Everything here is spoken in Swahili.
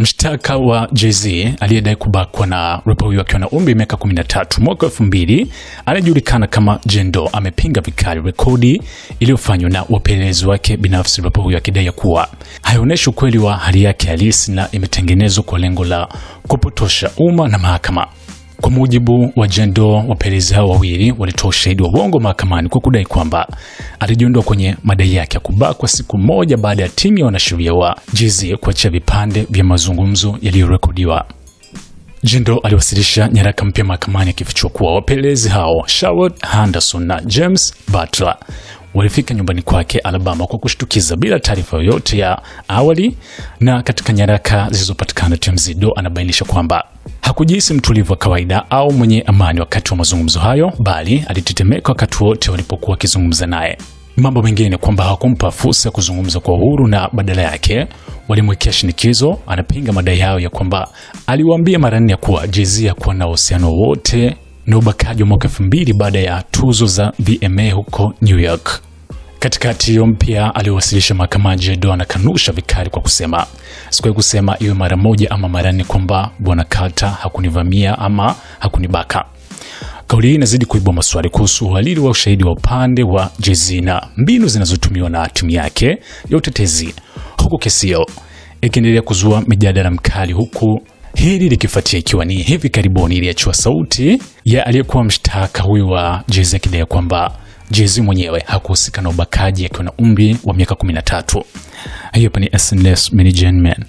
Mshtaka wa Jay-Z aliyedai kubakwa na rapa huyo akiwa na umri miaka 13 mwaka 2000 anajulikana kama Jendo amepinga vikali rekodi iliyofanywa na wapelelezi wake binafsi, rapa huyo akidai kuwa haionyeshi ukweli wa hali yake halisi na imetengenezwa kwa lengo la kupotosha umma na mahakama. Kwa mujibu wa Jendo, wapelelezi hao wawili walitoa ushahidi wa uongo mahakamani kwa kudai kwamba alijiondoa kwenye madai yake ya kubakwa siku moja baada ya timu ya wanasheria wa JZ kuachia vipande vya mazungumzo yaliyorekodiwa. Jendo aliwasilisha nyaraka mpya mahakamani akifichua kuwa wapelelezi hao Sherwood Henderson na James Butler walifika nyumbani kwake Alabama kwa kushtukiza bila taarifa yoyote ya awali, na katika nyaraka zilizopatikana TMZ, Do anabainisha kwamba hakujihisi mtulivu wa kawaida au mwenye amani wakati wa mazungumzo hayo, bali alitetemeka wakati wote walipokuwa wakizungumza naye. Mambo mengine kwamba hawakumpa fursa ya kuzungumza kwa uhuru na badala yake walimwekea shinikizo. Anapinga madai hayo ya kwamba aliwaambia mara nne ya kuwa Jay-Z hakuwa na uhusiano wote na ubakaji wa mwaka 2000 baada ya tuzo za VMA huko New York. Katikati hiyo mpya aliyowasilisha mahakamani, Jedo anakanusha vikali kwa kusema sikuwahi kusema iwe mara moja ama mara nne kwamba bwana Carter hakunivamia ama hakunibaka. Kauli hii inazidi kuibua maswali kuhusu uhalili wa ushahidi wa upande wa JZ na mbinu zinazotumiwa na timu yake ya utetezi, huku kesi hiyo ikiendelea kuzua mijadala mkali, huku hili likifuatia ikiwa ni hivi karibuni iliachiwa sauti ya aliyekuwa mshtaka huyu wa JZ akidai kwamba Jay-Z mwenyewe hakuhusika na ubakaji akiwa na umri wa miaka 13. Hiyo ni SnS Mini Gen Man.